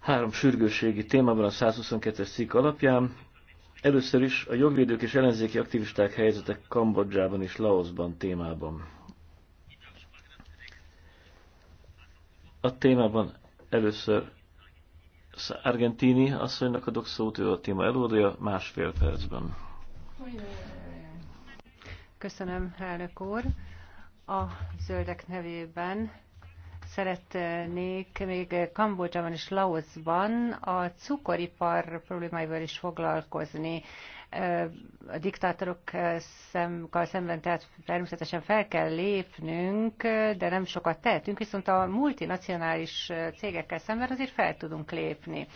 három sürgősségi témában a 122-es cikk alapján. Először is a jogvédők és ellenzéki aktivisták helyzete Kambodzsában és Laosban témában. A témában először Argentini asszonynak adok szót, ő a téma előadója másfél percben. Köszönöm, elnök úr. A zöldek nevében szeretnék még Kambodzsában és Laosban a cukoripar problémáival is foglalkozni. A szemkal szemben tehát természetesen fel kell lépnünk, de nem sokat tehetünk, viszont a multinacionális cégekkel szemben azért fel tudunk lépni.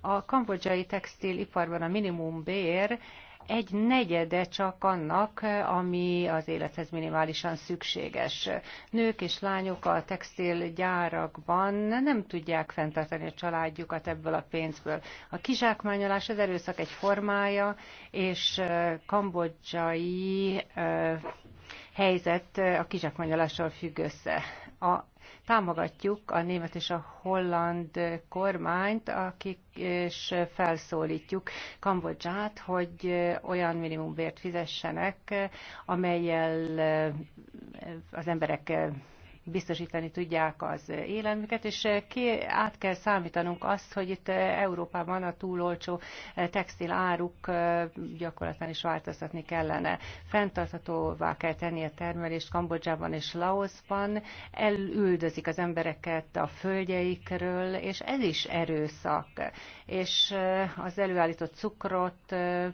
A kambodzsai textiliparban a minimum bér egy negyede csak annak, ami az élethez minimálisan szükséges. Nők és lányok a textilgyárakban nem tudják fenntartani a családjukat ebből a pénzből. A kizsákmányolás az erőszak egy formája, és kambodzsai helyzet a kizsákmányolással függ össze. A Támogatjuk a német és a holland kormányt, akik és felszólítjuk Kambodzsát, hogy olyan minimumbért fizessenek, amelyel az emberek biztosítani tudják az élelmüket, és eh, ki, át kell számítanunk azt, hogy itt eh, Európában a túlolcsó eh, textil áruk gyakorlatilag is változtatni kellene. Fenntarthatóvá kell tenni a termelést Kambodzsában és Laoszban, elüldözik az embereket a földjeikről, és ez is erőszak. És az előállított cukrot,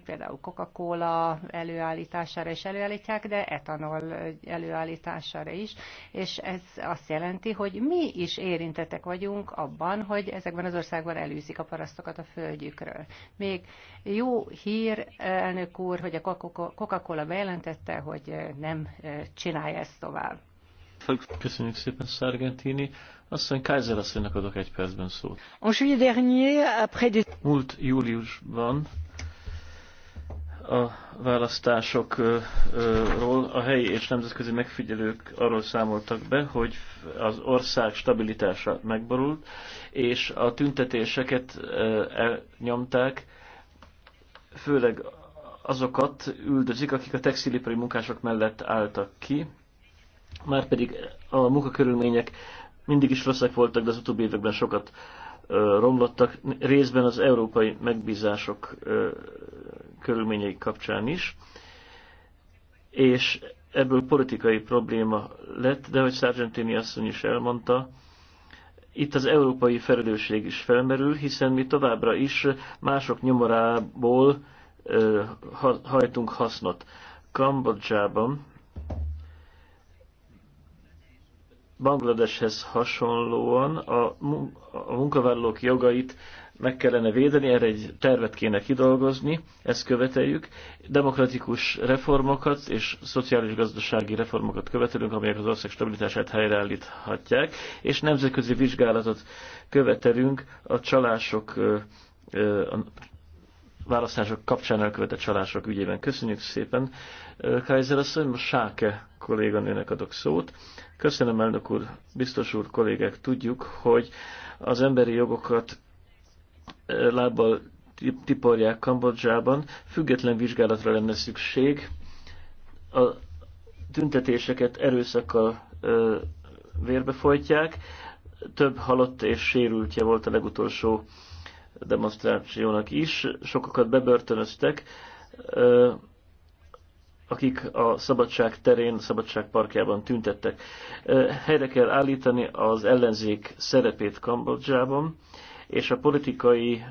például Coca-Cola előállítására is előállítják, de etanol előállítására is, és ez ez azt jelenti, hogy mi is érintetek vagyunk abban, hogy ezekben az országban elűzik a parasztokat a földjükről. Még jó hír, elnök úr, hogy a Coca-Cola bejelentette, hogy eh, nem eh, csinálja ezt tovább. Köszönjük szépen, Sargentini. Asszony, Kaiser asszonynak adok egy percben szót. Múlt júliusban a választásokról a helyi és nemzetközi megfigyelők arról számoltak be, hogy az ország stabilitása megborult, és a tüntetéseket elnyomták, főleg azokat üldözik, akik a textilipari munkások mellett álltak ki, márpedig a munkakörülmények mindig is rosszak voltak, de az utóbbi években sokat romlottak, részben az európai megbízások körülményei kapcsán is, és ebből politikai probléma lett, de hogy Sargentini asszony is elmondta, itt az európai felelősség is felmerül, hiszen mi továbbra is mások nyomorából hajtunk hasznot. Kambodzsában, Bangladeshez hasonlóan a, a munkavállalók jogait meg kellene védeni, erre egy tervet kéne kidolgozni, ezt követeljük. Demokratikus reformokat és szociális-gazdasági reformokat követelünk, amelyek az ország stabilitását helyreállíthatják, és nemzetközi vizsgálatot követelünk a csalások, a választások kapcsán elkövetett csalások ügyében. Köszönjük szépen, Kaiser asszony, most Sáke kolléganőnek adok szót. Köszönöm, elnök úr, biztos úr, kollégek, tudjuk, hogy az emberi jogokat lábbal tiporják Kambodzsában, független vizsgálatra lenne szükség. A tüntetéseket erőszakkal vérbe folytják. Több halott és sérültje volt a legutolsó demonstrációnak is. Sokakat bebörtönöztek, akik a szabadság terén, szabadság parkjában tüntettek. Helyre kell állítani az ellenzék szerepét Kambodzsában és a politikai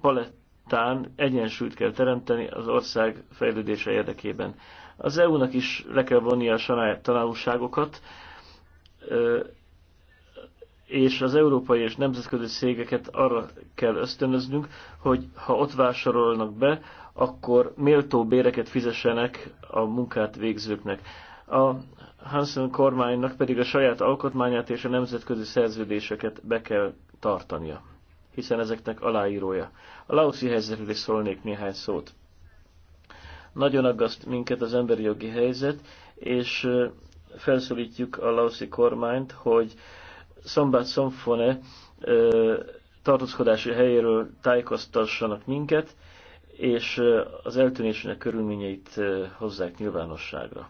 palettán egyensúlyt kell teremteni az ország fejlődése érdekében. Az EU-nak is le kell vonnia a saját tanulságokat, és az európai és nemzetközi szégeket arra kell ösztönöznünk, hogy ha ott vásárolnak be, akkor méltó béreket fizessenek a munkát végzőknek. A Hansen kormánynak pedig a saját alkotmányát és a nemzetközi szerződéseket be kell tartania, hiszen ezeknek aláírója. A laoszi helyzetről is szólnék néhány szót. Nagyon aggaszt minket az emberi jogi helyzet, és felszólítjuk a laoszi kormányt, hogy Szombát Szomfone tartózkodási helyéről tájékoztassanak minket, és az eltűnésének körülményeit hozzák nyilvánosságra.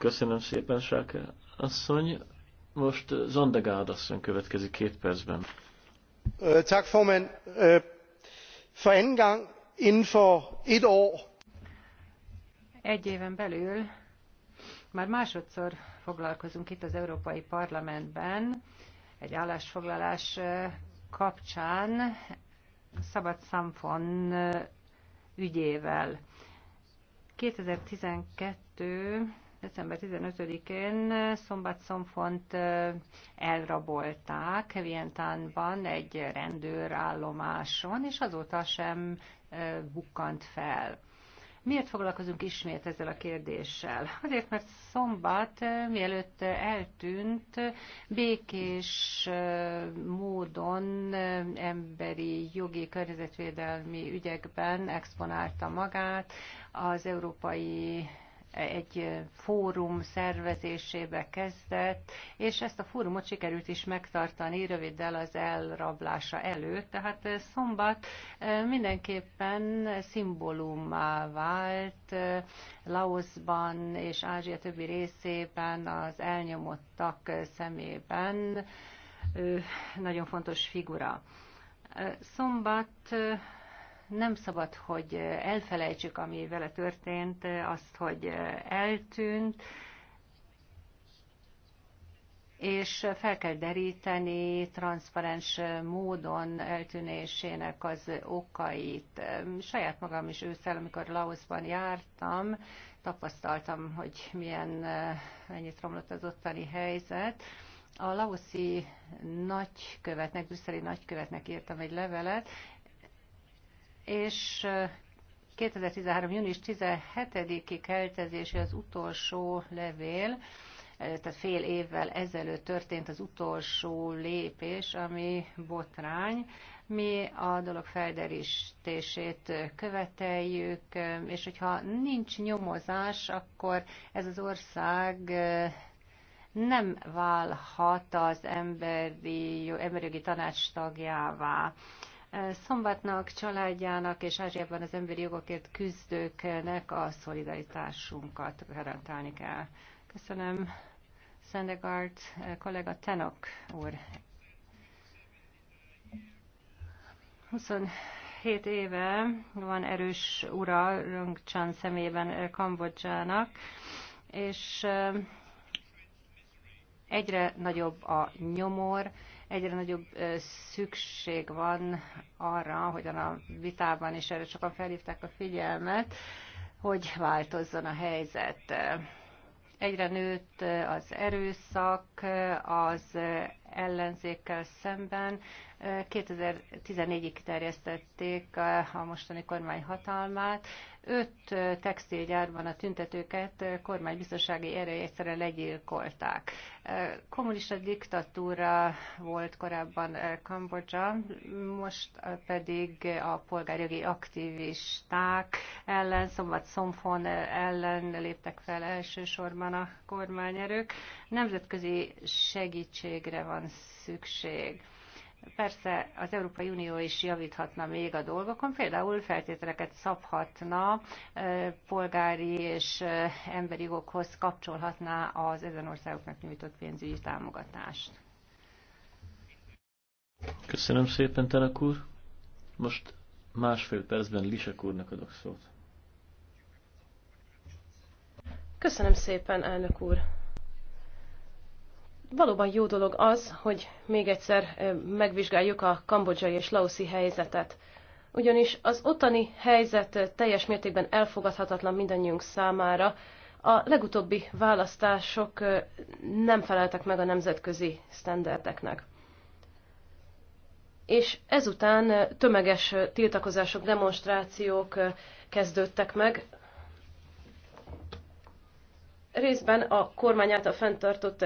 Köszönöm szépen, Sáke asszony. Most Zandegád asszony következik két percben. Tak, formand. For anden gang inden for et år. Egy éven belül már másodszor foglalkozunk itt az Európai Parlamentben egy állásfoglalás kapcsán Szabad Szamfon ügyével. 2012 December 15-én Szomfont elrabolták Vientánban egy rendőrállomáson, és azóta sem bukkant fel. Miért foglalkozunk ismét ezzel a kérdéssel? Azért, mert szombat, mielőtt eltűnt, békés módon emberi jogi környezetvédelmi ügyekben exponálta magát az Európai egy fórum szervezésébe kezdett, és ezt a fórumot sikerült is megtartani röviddel az elrablása előtt. Tehát szombat mindenképpen szimbólummá vált Laosban és Ázsia többi részében az elnyomottak szemében. nagyon fontos figura. Szombat nem szabad, hogy elfelejtsük, ami vele történt, azt, hogy eltűnt, és fel kell deríteni transzparens módon eltűnésének az okait. Saját magam is ősszel, amikor Laosban jártam, tapasztaltam, hogy milyen, mennyit romlott az ottani helyzet. A laoszi nagykövetnek, brüsszeli nagykövetnek írtam egy levelet, és 2013. június 17-i keltezési az utolsó levél, tehát fél évvel ezelőtt történt az utolsó lépés, ami botrány. Mi a dolog felderítését követeljük, és hogyha nincs nyomozás, akkor ez az ország nem válhat az emberi, emberi jogi tanács tagjává. Szombatnak, családjának és Ázsiában az emberi jogokért küzdőknek a szolidaritásunkat garantálni kell. Köszönöm. Sandegard, kollega Tenok úr. 27 éve van erős ura Röngcsán szemében eh, Kambodzsának, és eh, egyre nagyobb a nyomor, egyre nagyobb szükség van arra, hogyan a vitában is erre sokan felhívták a figyelmet, hogy változzon a helyzet. Egyre nőtt az erőszak, az ellenzékkel szemben. 2014-ig terjesztették a mostani kormány hatalmát. Öt textilgyárban a tüntetőket kormánybiztonsági erői egyszerűen legyilkolták. Kommunista diktatúra volt korábban Kambodzsa, most pedig a polgárjogi aktivisták ellen, Szombat Szomfon ellen léptek fel elsősorban a kormányerők. Nemzetközi segítségre van van szükség. Persze az Európai Unió is javíthatna még a dolgokon, például feltételeket szabhatna, polgári és emberi jogokhoz kapcsolhatná az ezen országoknak nyújtott pénzügyi támogatást. Köszönöm szépen, Telek úr. Most másfél percben Lisek úrnak adok szót. Köszönöm szépen, elnök úr. Valóban jó dolog az, hogy még egyszer megvizsgáljuk a kambodzsai és laoszi helyzetet. Ugyanis az ottani helyzet teljes mértékben elfogadhatatlan mindannyiunk számára. A legutóbbi választások nem feleltek meg a nemzetközi sztenderdeknek. És ezután tömeges tiltakozások, demonstrációk kezdődtek meg, részben a kormány által fenntartott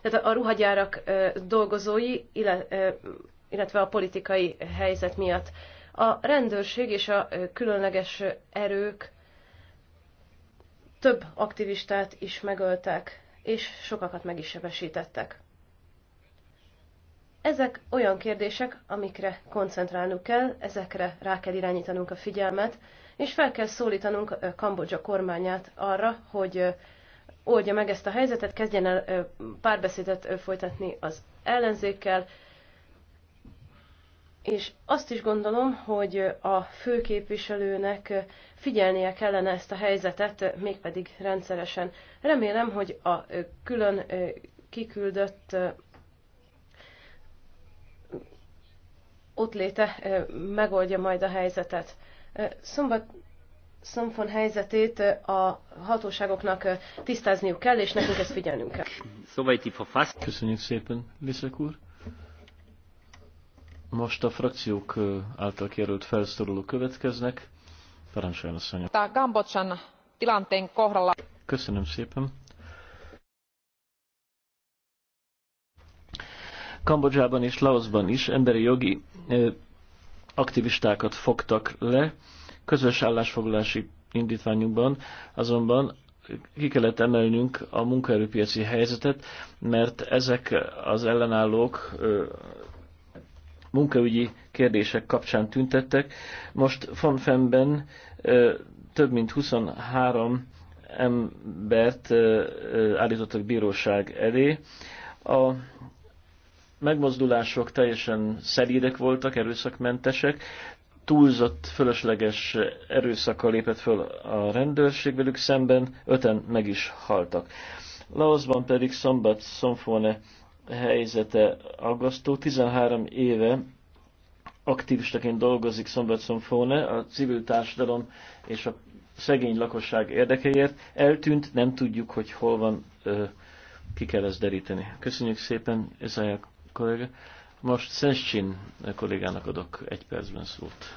tehát a ruhagyárak dolgozói, illetve a politikai helyzet miatt. A rendőrség és a különleges erők több aktivistát is megöltek, és sokakat meg is sebesítettek. Ezek olyan kérdések, amikre koncentrálnunk kell, ezekre rá kell irányítanunk a figyelmet, és fel kell szólítanunk Kambodzsa kormányát arra, hogy oldja meg ezt a helyzetet, kezdjen el párbeszédet folytatni az ellenzékkel, és azt is gondolom, hogy a főképviselőnek figyelnie kellene ezt a helyzetet, mégpedig rendszeresen. Remélem, hogy a külön kiküldött ott léte megoldja majd a helyzetet. Szombat szomfon helyzetét a hatóságoknak tisztázniuk kell, és nekünk ezt figyelnünk kell. Köszönjük szépen, Liszek úr. Most a frakciók által kérült felszorulók következnek. Parancsoljon A Gambocsan Köszönöm szépen. Kambodzsában és Laosban is emberi jogi aktivistákat fogtak le közös állásfoglalási indítványunkban, azonban ki kellett emelnünk a munkaerőpiaci helyzetet, mert ezek az ellenállók munkaügyi kérdések kapcsán tüntettek. Most Fonfemben több mint 23 embert állítottak bíróság elé. A megmozdulások teljesen szelídek voltak, erőszakmentesek, túlzott, fölösleges erőszakkal lépett föl a rendőrség velük szemben, öten meg is haltak. Laosban pedig Szombat Szomfone helyzete aggasztó, 13 éve aktivistaként dolgozik Szombat Szomfone a civil társadalom és a szegény lakosság érdekeiért. Eltűnt, nem tudjuk, hogy hol van, ki kell ezt deríteni. Köszönjük szépen, Ezája kollega. Most Szenszcsin kollégának adok egy percben szót.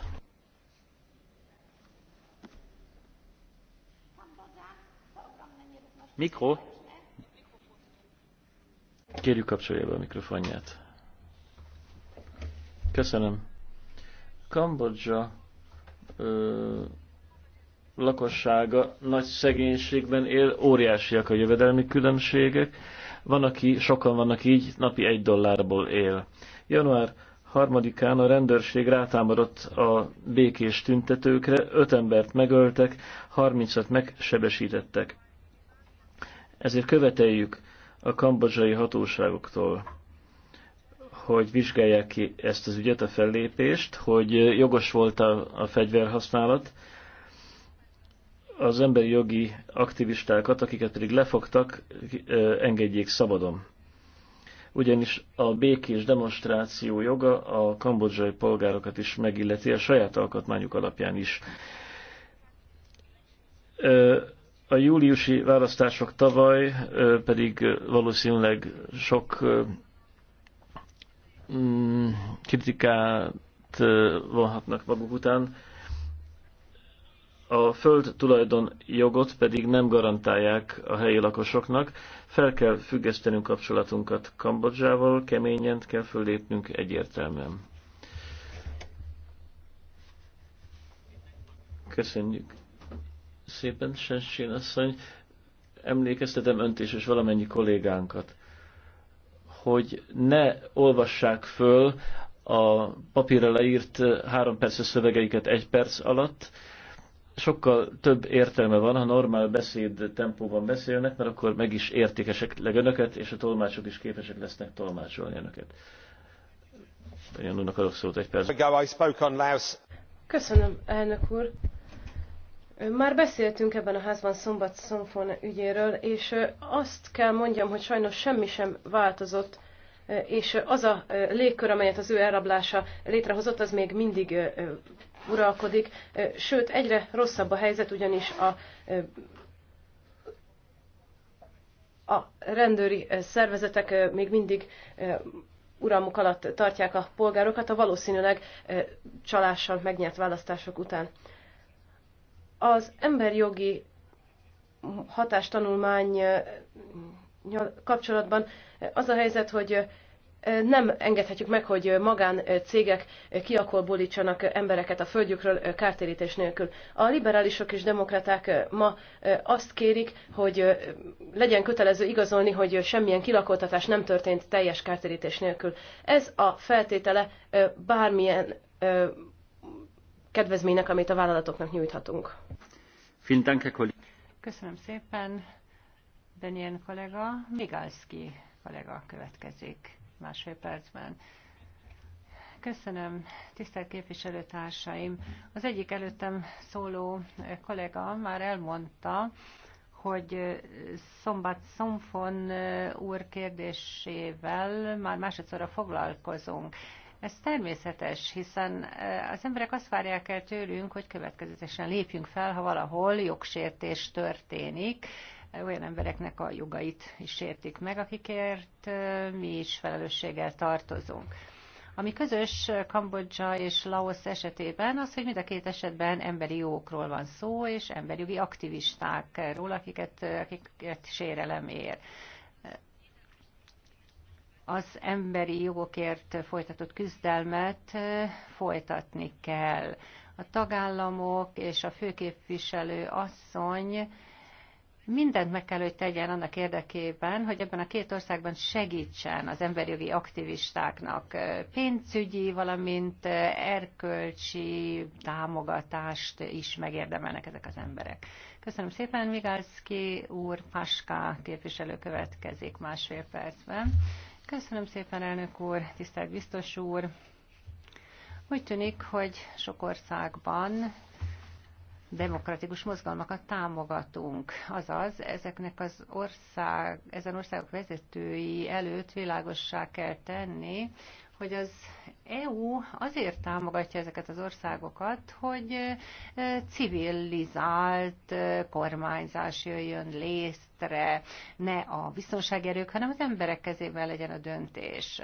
Mikro? Kérjük kapcsolja be a mikrofonját. Köszönöm. Kambodzsa ö, lakossága nagy szegénységben él, óriásiak a jövedelmi különbségek. Van, aki, sokan vannak így, napi egy dollárból él Január 3-án a rendőrség rátámadott a békés tüntetőkre, öt embert megöltek, 30 megsebesítettek. Ezért követeljük a kambodzsai hatóságoktól, hogy vizsgálják ki ezt az ügyet, a fellépést, hogy jogos volt a, a fegyverhasználat. Az emberi jogi aktivistákat, akiket pedig lefogtak, engedjék szabadon ugyanis a békés demonstráció joga a kambodzsai polgárokat is megilleti, a saját alkotmányuk alapján is. A júliusi választások tavaly pedig valószínűleg sok mm, kritikát vonhatnak maguk után, a föld tulajdon jogot pedig nem garantálják a helyi lakosoknak. Fel kell függesztenünk kapcsolatunkat Kambodzsával, keményen kell föllépnünk egyértelműen. Köszönjük szépen, Sensén asszony. Emlékeztetem önt is, és valamennyi kollégánkat, hogy ne olvassák föl a papírra leírt három perces szövegeiket egy perc alatt, sokkal több értelme van, ha normál beszéd tempóban beszélnek, mert akkor meg is értik esetleg önöket, és a tolmácsok is képesek lesznek tolmácsolni önöket. Janúnak adok szót egy perc. Köszönöm, elnök úr. Már beszéltünk ebben a házban szombat szomfon ügyéről, és azt kell mondjam, hogy sajnos semmi sem változott és az a légkör, amelyet az ő elrablása létrehozott, az még mindig uralkodik. Sőt, egyre rosszabb a helyzet, ugyanis a a rendőri szervezetek még mindig uralmuk alatt tartják a polgárokat a valószínűleg csalással megnyert választások után. Az emberjogi hatástanulmány kapcsolatban az a helyzet, hogy nem engedhetjük meg, hogy magáncégek kiakolbólítsanak embereket a földjükről kártérítés nélkül. A liberálisok és demokraták ma azt kérik, hogy legyen kötelező igazolni, hogy semmilyen kilakoltatás nem történt teljes kártérítés nélkül. Ez a feltétele bármilyen kedvezménynek, amit a vállalatoknak nyújthatunk. Köszönöm szépen. Daniel kollega, Migalski kollega következik másfél percben. Köszönöm, tisztelt képviselőtársaim! Az egyik előttem szóló kollega már elmondta, hogy Szombat Szomfon úr kérdésével már másodszorra foglalkozunk. Ez természetes, hiszen eh, az emberek azt várják el tőlünk, hogy következetesen lépjünk fel, ha valahol jogsértés történik, olyan embereknek a jogait is sértik meg, akikért mi is felelősséggel tartozunk. Ami közös Kambodzsa és Laos esetében az, hogy mind a két esetben emberi jogokról van szó, és emberi jogi aktivistákról, akiket, akiket sérelem ér az emberi jogokért folytatott küzdelmet folytatni kell. A tagállamok és a főképviselő asszony mindent meg kell, hogy tegyen annak érdekében, hogy ebben a két országban segítsen az emberjogi aktivistáknak pénzügyi, valamint erkölcsi támogatást is megérdemelnek ezek az emberek. Köszönöm szépen, Migalszki úr, Paska képviselő következik másfél percben. Köszönöm szépen, elnök úr, tisztelt biztos úr. Úgy tűnik, hogy sok országban demokratikus mozgalmakat támogatunk. Azaz, ezeknek az ország, ezen országok vezetői előtt világossá kell tenni, hogy az EU azért támogatja ezeket az országokat, hogy eh, civilizált eh, kormányzás jöjjön létre, ne a biztonsági erők, hanem az emberek kezében legyen a döntés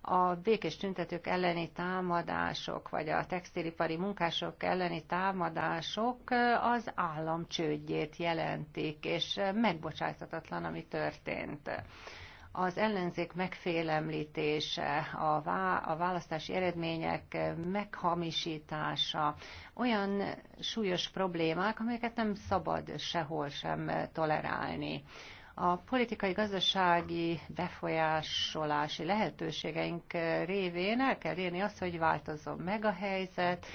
a békés tüntetők elleni támadások, vagy a textilipari munkások elleni támadások eh, az állam csődjét jelentik, és eh, megbocsájtatatlan, ami történt az ellenzék megfélemlítése, a, vá- a választási eredmények eh, meghamisítása, olyan súlyos problémák, amelyeket nem szabad sehol sem tolerálni. A politikai-gazdasági befolyásolási lehetőségeink révén el kell érni azt, hogy változzon meg a helyzet,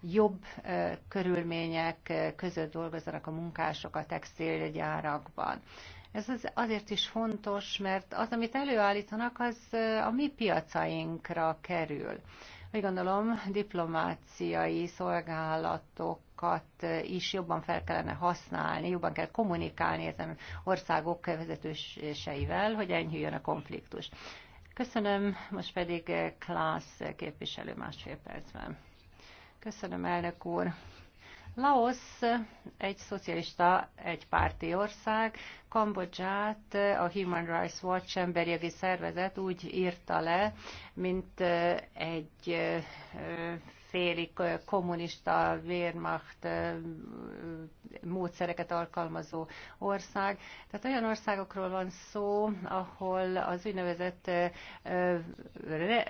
jobb körülmények között dolgozzanak a munkások a textilgyárakban. Ez az, azért is fontos, mert az, amit előállítanak, az a mi piacainkra kerül. Úgy gondolom, diplomáciai szolgálatok kapcsolatokat is jobban fel kellene használni, jobban kell kommunikálni ezen országok vezetőseivel, hogy enyhüljön a konfliktus. Köszönöm, most pedig Klász képviselő másfél percben. Köszönöm, elnök úr. Laos egy szocialista, egy párti ország, Kambodzsát a Human Rights Watch emberi szervezet úgy írta le, mint egy széli kommunista Wehrmacht módszereket alkalmazó ország. Tehát olyan országokról van szó, ahol az úgynevezett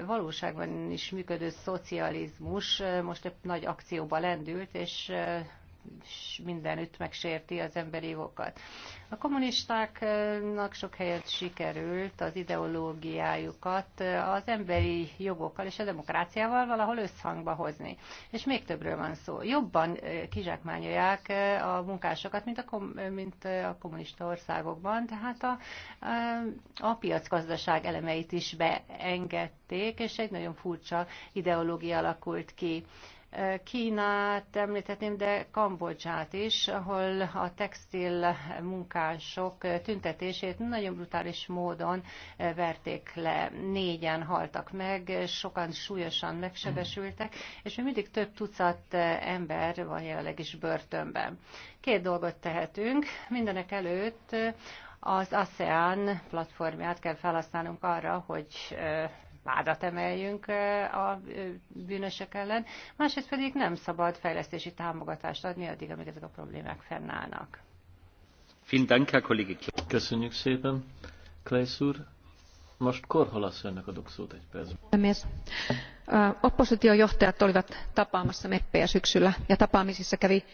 valóságban is működő szocializmus most egy nagy akcióba lendült, és mindenütt megsérti az emberi jogokat. A kommunistáknak sok helyet sikerült az ideológiájukat az emberi jogokkal és a demokráciával valahol összhangba hozni. És még többről van szó. Jobban kizsákmányolják a munkásokat, mint a, kom- mint a kommunista országokban, tehát a, a piacgazdaság elemeit is beengedték, és egy nagyon furcsa ideológia alakult ki Kínát említhetném, de Kambodzsát is, ahol a textil munkások tüntetését nagyon brutális módon verték le. Négyen haltak meg, sokan súlyosan megsebesültek, és még mindig több tucat ember van jelenleg is börtönben. Két dolgot tehetünk. Mindenek előtt az ASEAN platformját kell felhasználnunk arra, hogy vádat emeljünk a bűnösök ellen, másrészt pedig nem szabad fejlesztési támogatást adni addig, amíg ezek a problémák fennállnak. Köszönjük szépen, Klejsz úr. Most Korhalasz önnek adok szót egy percben. johtajat olivat tapaamassa meppejä syksyllä ja tapaamisissa kävi...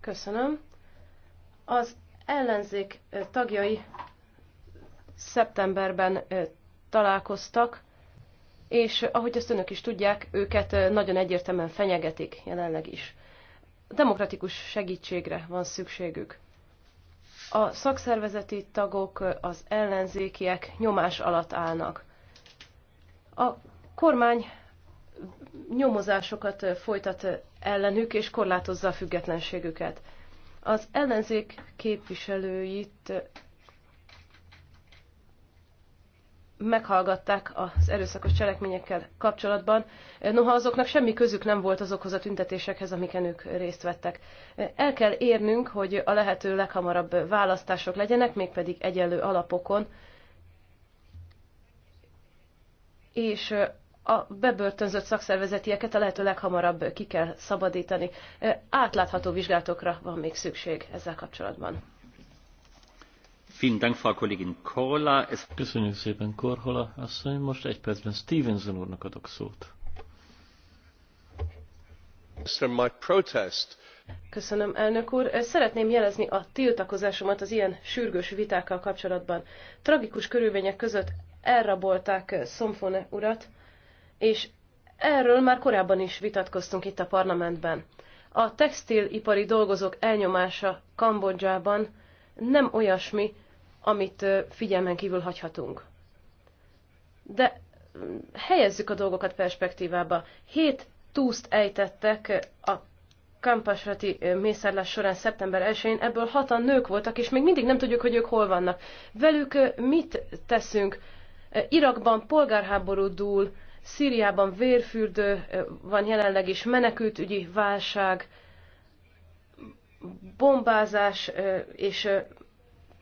Köszönöm. Az ellenzék tagjai szeptemberben találkoztak, és ahogy ezt önök is tudják, őket nagyon egyértelműen fenyegetik jelenleg is. Demokratikus segítségre van szükségük. A szakszervezeti tagok, az ellenzékiek nyomás alatt állnak. A kormány nyomozásokat folytat ellenük, és korlátozza a függetlenségüket. Az ellenzék képviselőit meghallgatták az erőszakos cselekményekkel kapcsolatban, noha azoknak semmi közük nem volt azokhoz a tüntetésekhez, amiken ők részt vettek. El kell érnünk, hogy a lehető leghamarabb választások legyenek, mégpedig egyenlő alapokon, és a bebörtönzött szakszervezetieket a lehető leghamarabb ki kell szabadítani. Átlátható vizsgálatokra van még szükség ezzel kapcsolatban. Köszönjük szépen, Korhola asszony. Most egy percben Stevenson úrnak adok szót. Köszönöm, elnök úr. Szeretném jelezni a tiltakozásomat az ilyen sürgős vitákkal kapcsolatban. Tragikus körülmények között elrabolták Szomfone urat, és erről már korábban is vitatkoztunk itt a parlamentben. A textilipari dolgozók elnyomása Kambodzsában nem olyasmi, amit figyelmen kívül hagyhatunk. De mm, helyezzük a dolgokat perspektívába. Hét túszt ejtettek a kampasrati mészárlás során szeptember 1-én, ebből hatan nők voltak, és még mindig nem tudjuk, hogy ők hol vannak. Velük mit teszünk? Irakban polgárháború dúl, Szíriában vérfürdő van jelenleg is, menekültügyi válság, bombázás és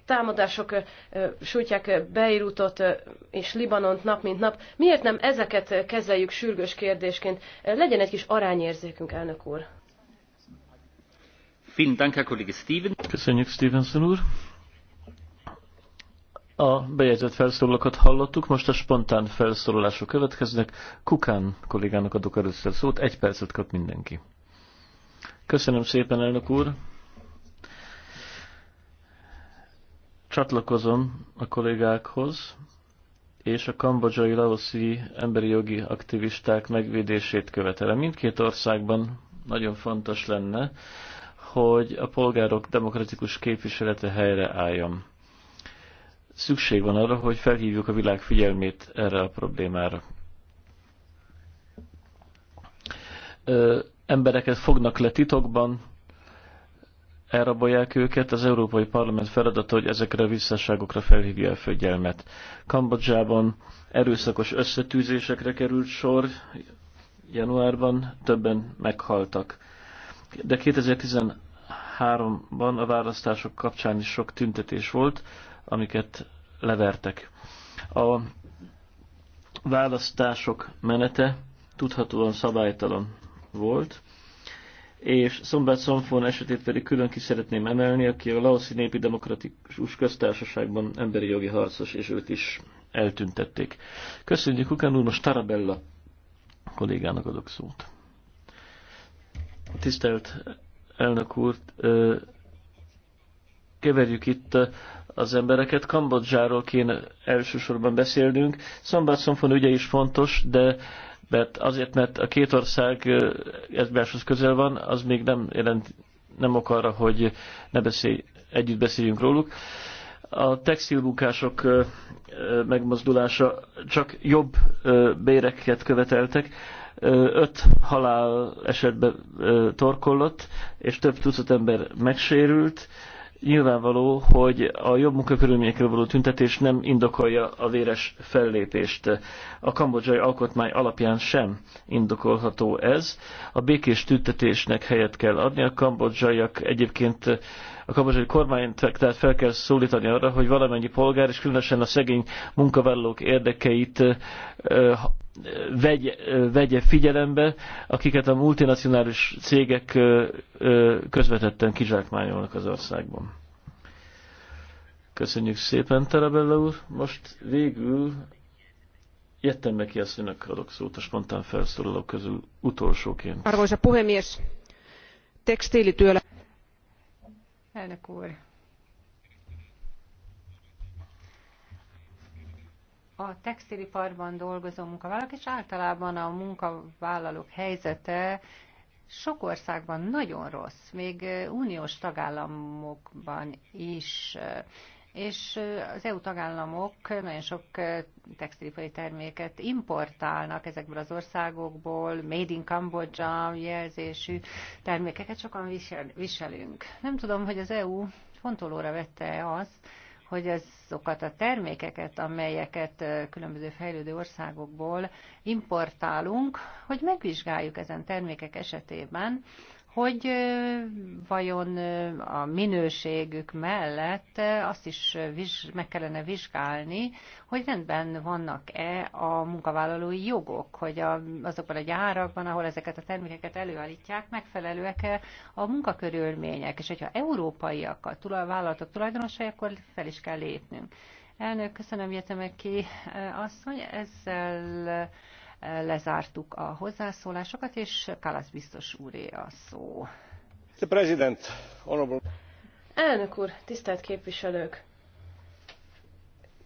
támadások sújtják Beirutot és Libanont nap mint nap. Miért nem ezeket kezeljük sürgős kérdésként? Legyen egy kis arányérzékünk, elnök úr. Köszönjük, Stevenson úr. A bejegyzett felszólalókat hallottuk, most a spontán felszólalások következnek. Kukán kollégának adok először szót, egy percet kap mindenki. Köszönöm szépen, elnök úr. Csatlakozom a kollégákhoz, és a kambodzsai laoszi emberi jogi aktivisták megvédését követelem. Mindkét országban nagyon fontos lenne, hogy a polgárok demokratikus képviselete álljon. Szükség van arra, hogy felhívjuk a világ figyelmét erre a problémára. Ö, embereket fognak le titokban, elrabolják őket, az Európai Parlament feladata, hogy ezekre a visszaságokra felhívja a figyelmet. Kambodzsában erőszakos összetűzésekre került sor, januárban többen meghaltak. De 2013-ban a választások kapcsán is sok tüntetés volt, amiket levertek. A választások menete tudhatóan szabálytalan volt, és Szombat Szomfón esetét pedig külön ki szeretném emelni, aki a Laoszi Népi Demokratikus Köztársaságban emberi jogi harcos, és őt is eltüntették. Köszönjük, Ukán úr, most Tarabella kollégának adok szót. Tisztelt elnök úr, keverjük itt az embereket. Kambodzsáról kéne elsősorban beszélnünk. Szombat Szomfón ügye is fontos, de mert azért, mert a két ország egymáshoz közel van, az még nem, jelent, nem ok arra, hogy ne beszélj, együtt beszéljünk róluk. A textilmunkások megmozdulása csak jobb béreket követeltek, öt halál esetben torkollott, és több tucat ember megsérült, nyilvánvaló, hogy a jobb munkakörülményekről való tüntetés nem indokolja a véres fellépést. A kambodzsai alkotmány alapján sem indokolható ez. A békés tüntetésnek helyet kell adni. A kambodzsaiak egyébként a kambodzsai kormányt tehát fel kell szólítani arra, hogy valamennyi polgár, és különösen a szegény munkavállalók érdekeit vegye, vegye figyelembe, akiket a multinacionális cégek közvetetten kizsákmányolnak az országban. Köszönjük szépen, Terabella úr. Most végül jöttem neki a szünök adok szót a spontán felszólalók közül utolsóként. Arvoisa puhemies, tekstiilityöllä Elnök úr, a textiliparban dolgozó munkavállalók, és általában a munkavállalók helyzete sok országban nagyon rossz, még uniós tagállamokban is és az EU tagállamok nagyon sok textilipari terméket importálnak ezekből az országokból, Made in Cambodja jelzésű termékeket sokan visel, viselünk. Nem tudom, hogy az EU fontolóra vette az, hogy azokat a termékeket, amelyeket különböző fejlődő országokból importálunk, hogy megvizsgáljuk ezen termékek esetében, hogy vajon a minőségük mellett azt is meg kellene vizsgálni, hogy rendben vannak-e a munkavállalói jogok, hogy azokban a gyárakban, ahol ezeket a termékeket előállítják, megfelelőek-e a munkakörülmények, és hogyha európaiak a vállalatok tulajdonosai, akkor fel is kell lépnünk. Elnök, köszönöm, jöttem ki hogy ezzel lezártuk a hozzászólásokat, és Kalasz biztos úré a szó. The President, honorable... Elnök úr, tisztelt képviselők!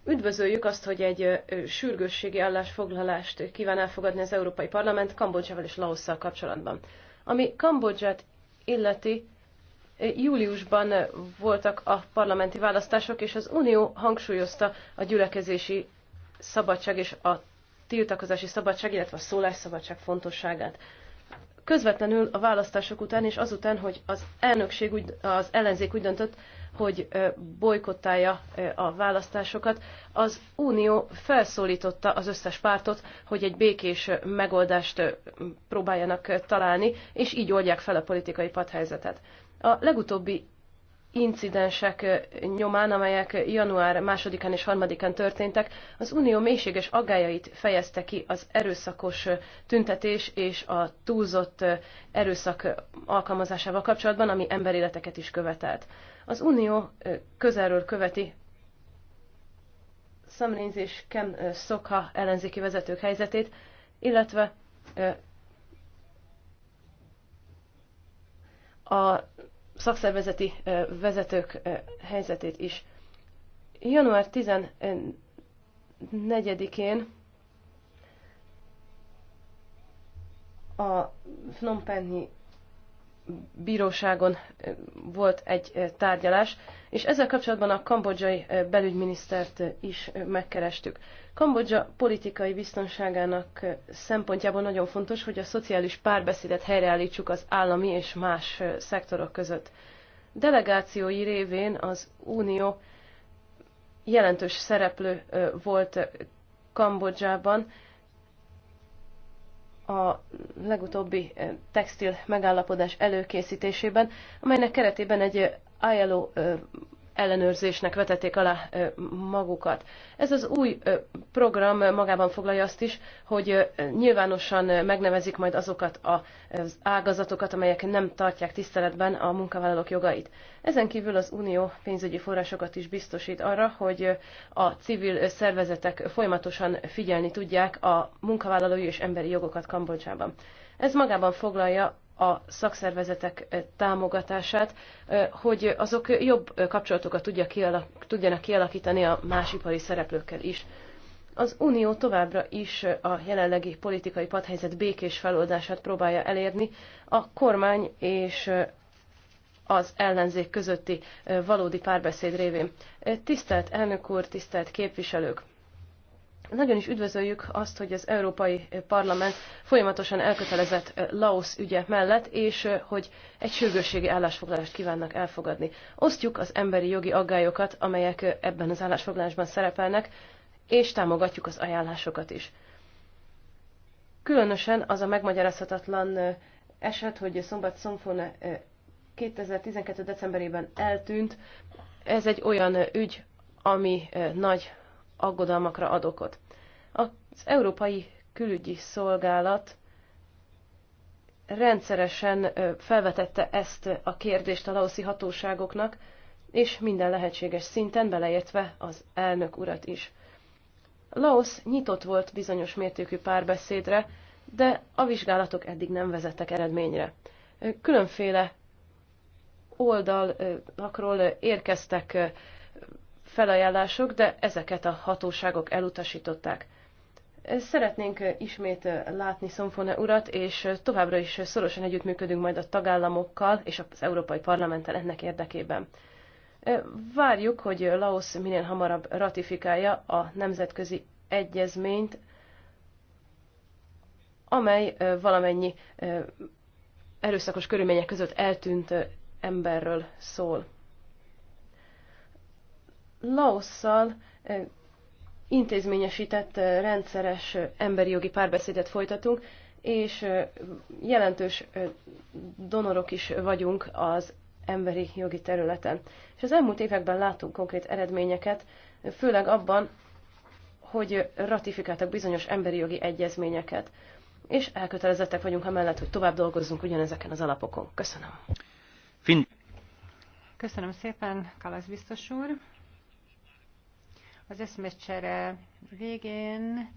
Üdvözöljük azt, hogy egy sürgősségi állásfoglalást kíván elfogadni az Európai Parlament Kambodzsával és Laosszal kapcsolatban. Ami Kambodzsát illeti, júliusban voltak a parlamenti választások, és az Unió hangsúlyozta a gyülekezési szabadság és a tiltakozási szabadság, illetve a szólásszabadság fontosságát. Közvetlenül a választások után és azután, hogy az elnökség, úgy, az ellenzék úgy döntött, hogy bolykottálja a választásokat, az Unió felszólította az összes pártot, hogy egy békés megoldást próbáljanak találni, és így oldják fel a politikai padhelyzetet. A legutóbbi incidensek nyomán, amelyek január 2-án és 3-án történtek, az Unió mélységes aggájait fejezte ki az erőszakos tüntetés és a túlzott erőszak alkalmazásával kapcsolatban, ami emberéleteket is követelt. Az Unió közelről követi Samrinz és Kem Szokha ellenzéki vezetők helyzetét, illetve a szakszervezeti vezetők helyzetét is. Január 14-én a Phnom Penhi bíróságon volt egy tárgyalás, és ezzel kapcsolatban a kambodzsai belügyminisztert is megkerestük. Kambodzsa politikai biztonságának szempontjából nagyon fontos, hogy a szociális párbeszédet helyreállítsuk az állami és más szektorok között. Delegációi révén az Unió jelentős szereplő volt Kambodzsában, a legutóbbi eh, textil megállapodás előkészítésében, amelynek keretében egy eh, ILO eh, ellenőrzésnek vetették alá magukat. Ez az új program magában foglalja azt is, hogy nyilvánosan megnevezik majd azokat az ágazatokat, amelyek nem tartják tiszteletben a munkavállalók jogait. Ezen kívül az Unió pénzügyi forrásokat is biztosít arra, hogy a civil szervezetek folyamatosan figyelni tudják a munkavállalói és emberi jogokat Kambodzsában. Ez magában foglalja a szakszervezetek támogatását, hogy azok jobb kapcsolatokat tudjanak kialakítani a másipari szereplőkkel is. Az Unió továbbra is a jelenlegi politikai padhelyzet békés feloldását próbálja elérni, a kormány és az ellenzék közötti valódi párbeszéd révén. Tisztelt elnök úr, tisztelt képviselők! Nagyon is üdvözöljük azt, hogy az Európai Parlament folyamatosan elkötelezett Laos ügye mellett, és hogy egy sürgősségi állásfoglalást kívánnak elfogadni. Osztjuk az emberi jogi aggályokat, amelyek ebben az állásfoglalásban szerepelnek, és támogatjuk az ajánlásokat is. Különösen az a megmagyarázhatatlan eset, hogy Szombat Szomfone 2012. decemberében eltűnt. Ez egy olyan ügy, ami nagy aggodalmakra ad okot. Az Európai Külügyi Szolgálat rendszeresen felvetette ezt a kérdést a laoszi hatóságoknak, és minden lehetséges szinten, beleértve az elnök urat is. Laos nyitott volt bizonyos mértékű párbeszédre, de a vizsgálatok eddig nem vezettek eredményre. Különféle oldalakról érkeztek felajánlások, de ezeket a hatóságok elutasították. Szeretnénk ismét látni Szomfone urat, és továbbra is szorosan együttműködünk majd a tagállamokkal és az Európai Parlamenttel ennek érdekében. Várjuk, hogy Laos minél hamarabb ratifikálja a nemzetközi egyezményt, amely valamennyi erőszakos körülmények között eltűnt emberről szól. Laosszal eh, intézményesített eh, rendszeres eh, emberi jogi párbeszédet folytatunk, és jelentős donorok is vagyunk az emberi jogi területen. És az elmúlt években látunk konkrét eredményeket, főleg abban, hogy ratifikáltak bizonyos emberi jogi egyezményeket, és elkötelezettek vagyunk amellett, hogy tovább dolgozzunk ugyanezeken az alapokon. Köszönöm. Fin- Köszönöm szépen, Kalasz biztos úr. Az eszmecsere végén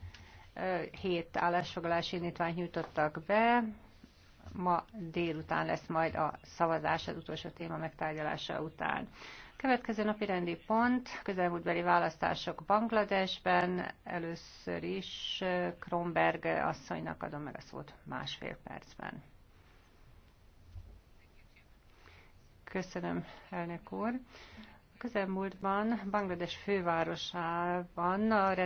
hét állásfoglalási indítványt nyújtottak be. Ma délután lesz majd a szavazás az utolsó téma megtárgyalása után. Következő napi rendi pont, közelmúltbeli választások Bangladesben. Először is Kronberg asszonynak adom meg a szót másfél percben. Köszönöm, elnök úr. Közelmúltban Banglades fővárosában a